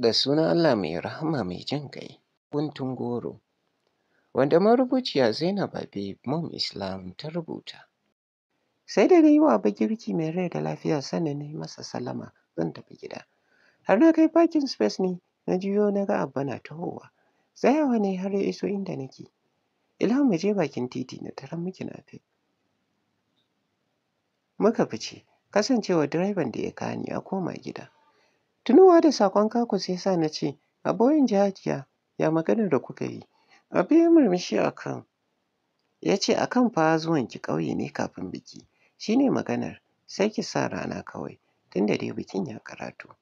da suna Allah mai rahama mai jin kai guntun goro wanda marubuciya Zainab Abi Mom Islam ta rubuta. Sai da na yi wa bagirki mai rai da lafiya sanin na masa salama zan tafi gida. Har na kai parking space ne na jiyo na ga abba na tahowa. Tsayawa ne har ya iso inda nake. ila mu je bakin titi na taron miki na fi. Muka fice kasancewa direban da ya kani a koma gida. Tunowa da saƙon Kagos ya sa na ce, “Abowin jajiya ya maganar da kuka yi?” abu ya yi murmushi ya ce a kan fa zuwan ki ƙauye ne kafin biki, shi ne maganar, sai ki sa rana kawai, tun da dai bikin ya ƙarato.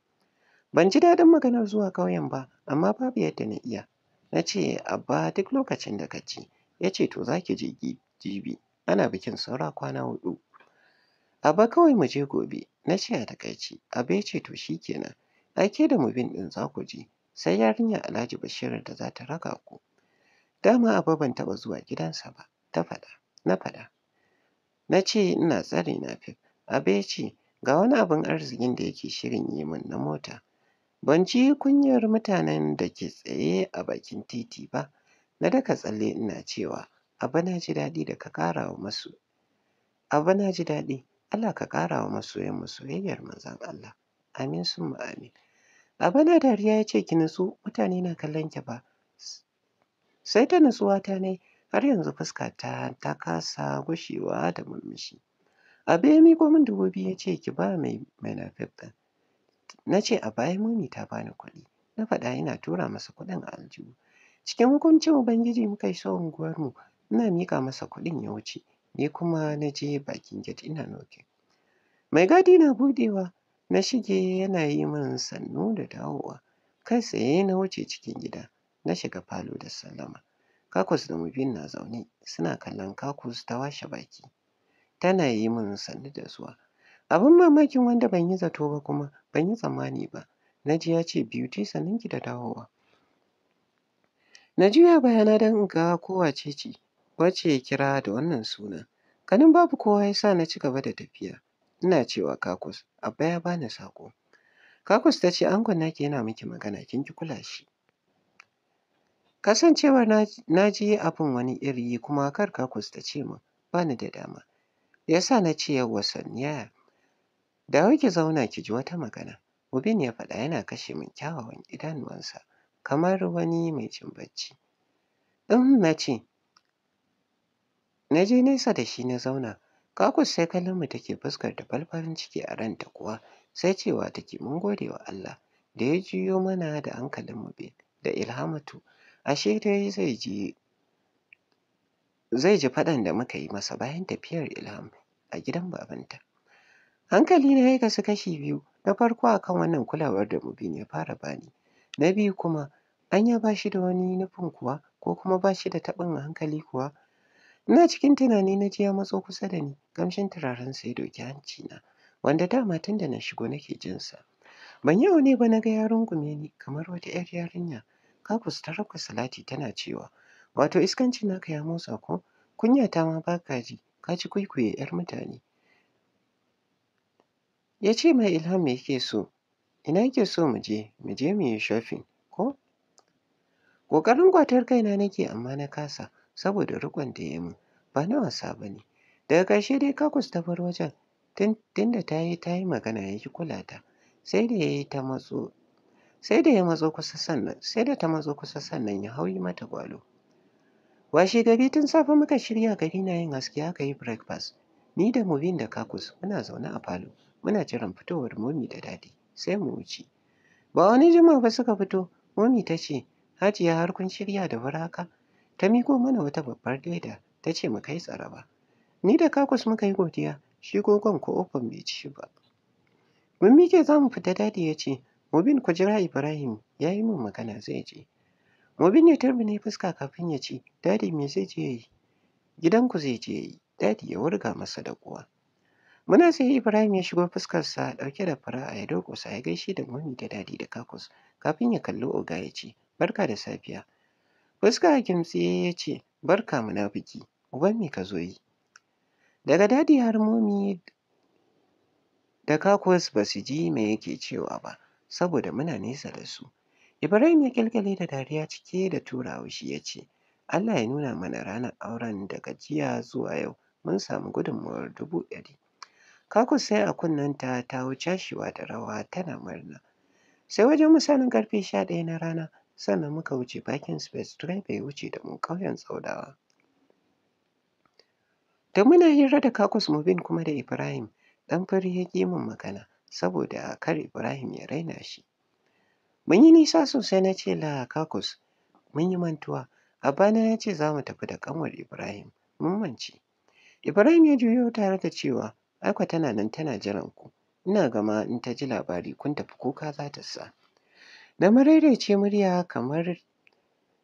Ban ji daɗin maganar zuwa ƙauyen ba, amma babu yadda na iya. Na ce, “Abba duk lokacin da ka ce,” ya ce, “to za ki je jibi, ana bikin saura kwana huɗu.” “Abba kawai mu je gobe,” na ce a taƙaice. Abba ya ce, “to shi kenan.” Aike da Mubin ɗin za ku je, sai yarinyar Alhaji Bashir da za ta raka ku. Dama Abba ban taɓa zuwa gidansa ba, ta faɗa, na faɗa. Na ce ina tsare na fi. Abba ya ce, ga wani abin arzikin da yake shirin yi min na mota. Ban ji kunyar mutanen da ke tsaye a bakin titi ba, na daka tsalle ina cewa, Abba na ji daɗi da ka ƙara wa masu. Abba na ji daɗi, Allah ka ƙara wa masoyanmu soyayyar manzon Allah. Amin summa amin. a bana dariya ya ce ki nutsu mutane na kallon ki ba. Sai ta nutsuwa ta nai. har yanzu fuska ta ta kasa gushewa da murmushi. Abe ya miko min dubu biyu ya ce ki ba mai mai na ɗin. Na ce a baya muni ta bani kuɗi. Na faɗa ina tura masa kuɗin a aljihu. Cikin hukuncin Ubangiji muka yi unguwar unguwarmu ina miƙa masa kuɗin ya wuce. Ni kuma na je bakin gate ina nokin. Mai gadi na buɗewa Na shige yana yi min sannu da dawowa, kai tsaye na wuce cikin gida, na shiga falo da sallama. Kakus da Mubin na zaune suna kallon Kakus ta washe baki. Tana yi min sannu da zuwa. Abin mamakin wanda ban yi zato ba kuma ban yi tsammani ba. Na ji ya ce Beauty ki da dawowa. Na juya bayana don in ga kowa ce ce wacce ya kira da wannan suna. Ganin babu kowa ya sa na ci gaba da tafiya. ina cewa Kakus, Abba ya bani saƙo. Kakus ta ce angon naki yana miki magana kin ki kula shi. Kasancewar na ji abin wani iri kuma kar Kakus ta ce min bani da dama. Yasa na ce yawwa Saniya, dawo ki zauna ki ji wata magana. Mubin ya faɗa yana kashe min kyawawan idanuwansa kamar wani mai cin bacci. In na ce, na je nesa da shi na zauna Kakus sai kallon mu take fuskar da fal ciki a ranta kuwa sai cewa take mun gode wa Allah da ya jiyo mana da hankalin mu da Ilhamatu ashe dai zai ji zai ji faɗan da muka yi masa bayan tafiyar Ilham a gidan babanta. Hankali na ya kasu kashi biyu na farko akan wannan kulawar da mu Mubin ya fara bani na biyu kuma an ya ba shi da wani nufin kuwa ko kuma bashi da taɓin hankali kuwa Ina cikin tunani na ji ya matso kusa da ni, ƙamshin turarensa ya doki hancina, wanda dama tun da na shigo nake jinsa. Ban yi ne ba na ga ya rungume ni kamar wata 'yar yarinya, ka ta rabka salati tana cewa, wato iskanci naka ya motsa ko, kunya ta ma ba ka ji, ka ci kwaikwaye 'yar mutane. Ya ce mai Ilham me yake so, ina yake so mu je, mu je mu yi shopping ko? Ƙoƙarin kwatar kaina nake amma na kasa, saboda riƙon da ya min ba na wasa ba ne daga ƙarshe dai kakus ta bar wajen tunda ta yi magana ya ki kula ta sai da ya ta matso sai da ya matso kusa sannan sai da ta matso kusa sannan ya hauyi mata gwalo washe gari tun safe muka shirya gari na yin haske aka yi breakfast ni da mubin da kakus muna zaune a falo muna jiran fitowar momi da dadi sai mu wuce ba wani jima ba suka fito momi ta ce hajiya har kun shirya da waraka ta miko mana wata babbar leda ta ce mu kai tsaraba. Ni da kakus muka yi godiya shi gogon ko ofan bai ci ba. Mun mike za mu fita dadi ya ce Mubin ku jira Ibrahim ya yi min magana zai je. Mubin ya turbine fuska kafin ya ce dadi me zai je yi? Gidanku zai je yi. Dadi ya wurga masa da kuwa. Muna sai Ibrahim ya shigo fuskarsa ɗauke da fara'a ya durƙusa ya gaishe da mami da dadi da kakus kafin ya kalli oga ya ce barka da safiya Fuska a kimtse ya ce, Barka munafiki, uban me ka zo yi? Daga dadi har momi da kakus ba su ji me yake cewa ba, saboda muna nesa da su. Ibrahim ya kyalkyale da dariya cike da tura shi ya ce, Allah ya nuna mana ranar auren daga jiya zuwa yau mun samu gudunmuwar dubu ɗari. Kakus sai a kunnenta ta wuce shiwa da rawa tana murna. Sai wajen misalin ƙarfe sha ɗaya na rana sannan muka wuce bakin space direba ya wuce da mu ƙauyen Tsaudawa. Da muna hira da Kakus Mubin kuma da Ibrahim, ɗan fari ya ƙi min magana saboda kar Ibrahim ya raina shi. Mun yi nisa sosai na ce la Kakus, mun yi mantuwa, bana ya ce za mu tafi da ƙanwar Ibrahim, mun mance. Ibrahim ya juyo tare da cewa, Aiko tana nan tana jiran ku, ina gama in ta ji labari kun tafi kuka za ta sa. Da marairaciyar murya kamar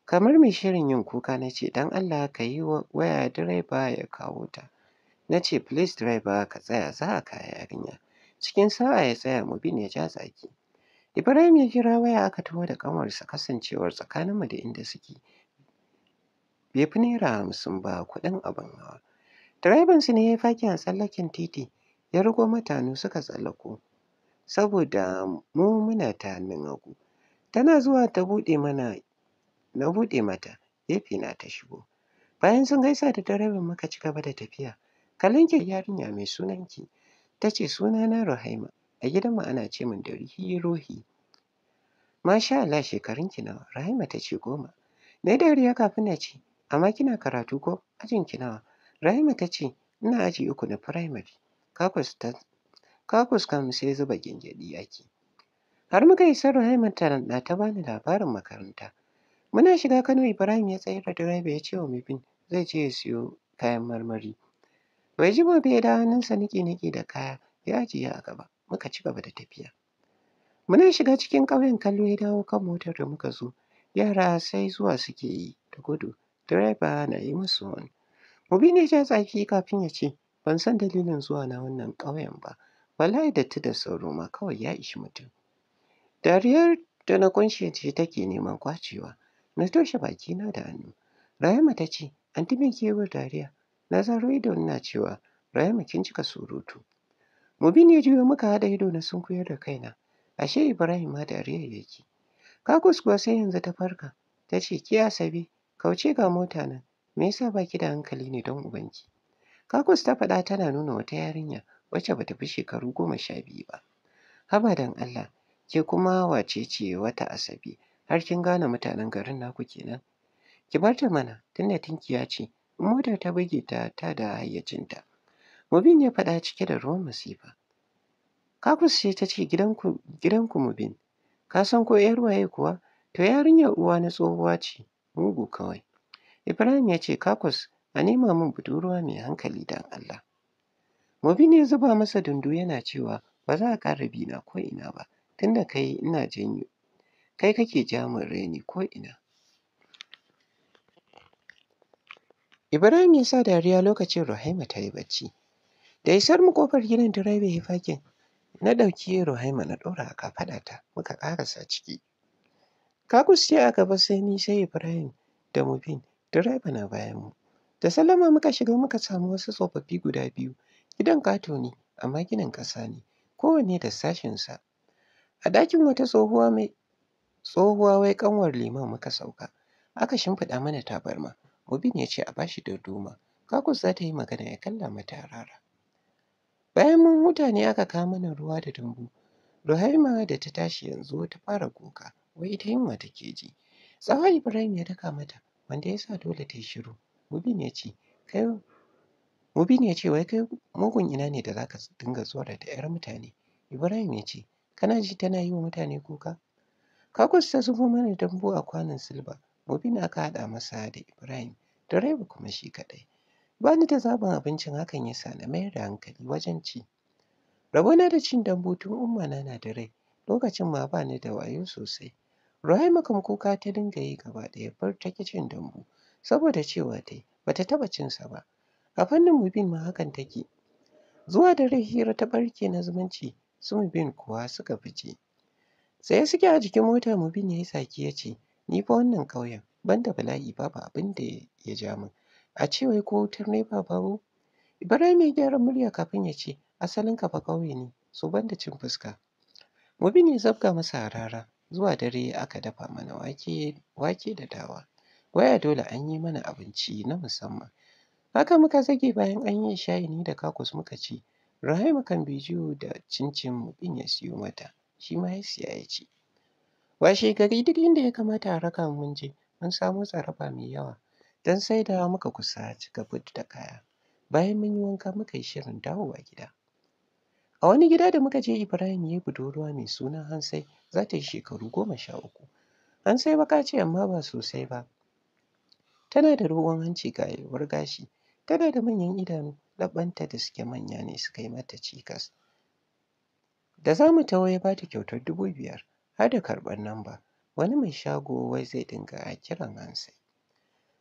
kamar mai shirin yin kuka na ce, don Allah ka yi waya direba ya kawo ta. Na ce, please driver ka tsaya za a kawo yarinya. Cikin sa'a ya tsaya mu Mubin ya ja tsaki. Ibrahim ya kira waya aka taho da ƙanwarsa kasancewar tsakaninmu da inda suke. Bai fi naira hamsin ba kuɗin abin hawa. su ne ya faki a tsallaken titi ya rugo mutane suka tsallako. Saboda mu muna ta hannun hagu. Tana zuwa ta buɗe mana na buɗe mata, na ta shigo. Bayan sun gaisa da ta rabin muka ci gaba da tafiya. Kallon ki yarinya mai sunan ki? Ta ce sunana Ruhaima, a gidanmu ana ce min da Ruhi. Masha Allah shekarun ki nawa? Rahima ta ce goma. Na yi dariya kafin na ce, amma kina karatu ko? Ajin ki nawa? Rahima ta ce, ina aji uku na firamare. Kakus kam sai zuba gyangyaɗi ake. Har muka isa Ruhaimar ta ta bani labarin makaranta. Muna shiga Kano Ibrahim ya tsayar da direba ya ce wa Mubin zai je ya siyo kayan marmari. Bai ji ba ya da hannunsa niki-niki da kaya ya ajiye a gaba muka ci gaba da tafiya. Muna shiga cikin ƙauyen kallo ya dawo kan motar da muka zo. Yara sai zuwa suke yi da gudu direba na yi musu wani. Mubin ya ja tsaki kafin ya ce ban san dalilin zuwa na wannan ƙauyen ba. Wallahi datti da sauro ma kawai ya ishi mutum. Dariyar da na kunshe ce take neman kwacewa. na toshe bakina da hannu. Rahama ta ce, Anti me ke Dariya? Na zaro ido ina cewa, Rahama kin cika surutu. Mubin ya juyo muka haɗa ido na sunkuyar da kaina. Ashe Ibrahim ma dariyar yake. Kakus kuwa sai yanzu ta farka, ta ce, Ki Asabe, kauce ga mota nan, me yasa ba ki da hankali ne don ubanki? Kakus ta faɗa tana nuna wata yarinya wacce bata fi shekaru goma sha biyu ba. Haba don Allah, Ke kuma wace ce wata Asabe har kin gane mutanen garin naku kenan? Ki barta ta mana tunda tunkiya ce, in motar ta buge ta ta da hayyacinta. Mubin ya faɗa cike da ruwan masifa. Kakus ce ta ce gidanku, gidanku Mubin, ka san ko ‘yar waye kuwa? To yarinyar uwa na tsohuwa ce, mugu kawai. Ibrahim ya ce Kakus a nema min budurwa mai hankali don Allah. Mubin ya zuba masa dundu yana cewa ba za a ƙara bina ko ina ba. tunda kai ina janyo, kai kake ja min ko ina? Ibrahim ya sa dariya lokacin Ruhaima ta yi bacci. Da isar mu kofar gidan direba ya yi na ɗauki Ruhaima na ɗora a ta muka ƙarasa ciki. Kakus ce a gaba sai ni sai Ibrahim da Mubin direba na bayan mu. Da salama muka shiga muka samu wasu tsofaffi guda biyu, gidan ƙato ne amma ginin ƙasa ne, kowanne da sa A ɗakin wata tsohuwa mai tsohuwa wai ƙanwar liman muka sauka. Aka shimfiɗa mana tabarma. Mubin ya ce a bashi shi darduma. Kakus za ta yi magana ya kalla mata rara. Bayan mun huta ne aka kawo mana ruwa da dambu. Ruhaima da ta tashi yanzu ta fara kuka, wai ita yunwa take ji. Tsawa Ibrahim ya daka mata, wanda ya sa dole ta yi shiru. Mubin ya ce, kai Mubin ya ce wai kai mugun ina ne da za ka dinga tsorata 'yar mutane. Ibrahim ya ce, Kana ji tana yi wa mutane kuka? Kakus ta zubo mana dambu a kwanon silba, na ka haɗa masa da Ibrahim, direba kuma shi kaɗai. Ba ni da zaɓin abincin hakan ya sa na mayar da hankali wajen ci. na da cin dambu tun umma na na da rai, lokacin ma ba ni da wayo sosai. Rahima kam kuka ta dinga yi gaba ɗaya far ta ƙi cin dambu, saboda cewa ta yi ba ta taɓa cinsa ba. A fannin Mubin ma hakan take. Zuwa dare hira ta ɓarke na zumunci, Sun bin kuwa suka fice. Sai suke a jikin mota Mubin ya yi saki ya ce, Ni fa wannan ƙauyen, ban da bala'i babu abin da ya ja min. A ce wai ko wutar nefa babu? Ibrahim ya gyara murya kafin ya ce, Asalin ka fa ƙauye ne, so ban da cin fuska. Mubin ya zabga masa harara, zuwa dare aka dafa mana wake, wake da dawa. Waya dole an yi mana abinci na musamman. Haka muka zage bayan an yi shayi ni da kakus muka ci Rahima kan bai da cincin bin ya siyo mata, shi ma ya siya ya ci. Washe gari duk inda ya kamata a raka mun je, mun samo tsaraba mai yawa, don sai da muka kusa cika but da kaya. Bayan mun yi wanka muka yi shirin dawowa gida. A wani gida da muka je Ibrahim ya yi budurwa mai suna Hansai za ta yi shekaru goma sha uku. Hansai baƙa ce amma ba sosai ba. Tana da dogon hanci ga yalwar gashi Tana da manyan idanu, laɓanta da suke manya ne suka yi mata cikas. Da za mu taho ya ba ta kyautar dubu biyar har da karɓar namba. Wani mai shago wai zai dinga kiran ansa.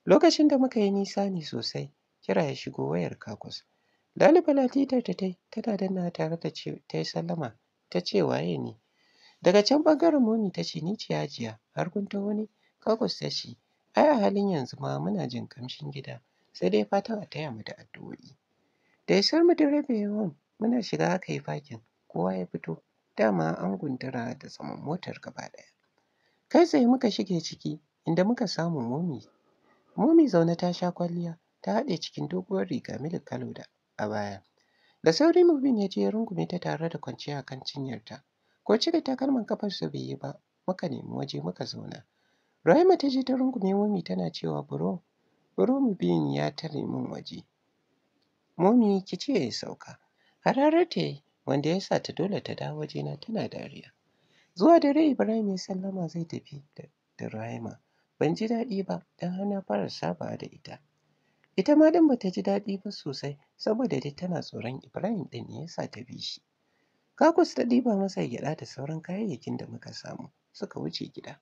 Lokacin da muka yi nisa ne sosai, kira ya shigo wayar kakus. laliba latitar ta tai tana danna tare da ta yi sallama ta ce waye ne. Daga can ɓangaren momi ta ce ni ce hajiya har kun taho ne? Kakus ta ce ai a halin yanzu ma muna jin kamshin gida. sai dai fatan a taya mu da addu'o'i. Da isar mu direba yawan muna shiga aka yi fakin kowa ya fito dama an guntara da saman motar gaba ɗaya. Kai tsaye muka shige ciki inda muka samu momi. Momi zaune ta sha kwalliya ta haɗe cikin doguwar riga milik kalo da a baya. Da sauri Mubin ya je ya rungume ta tare da kwanciya kan cinyarta. Ko cire takalman kafarsa bai yi ba muka nemi waje muka zauna. Rahima ta je ta rungume momi tana cewa buro Brown Bean ya tare min waje. Momi ki ce ya sauka. Hararar ta yi wanda ya sa ta dole ta dawo wajena tana dariya. Zuwa dare Ibrahim ya sallama zai tafi da Rahima. Ban ji daɗi ba don har na fara sabawa da ita. Ita ma din ta ji daɗi ba sosai saboda dai tana tsoron Ibrahim ɗin ne ya sa ta bi shi. Kakus ta ɗiba masa gyaɗa da sauran kayayyakin da muka samu suka wuce gida.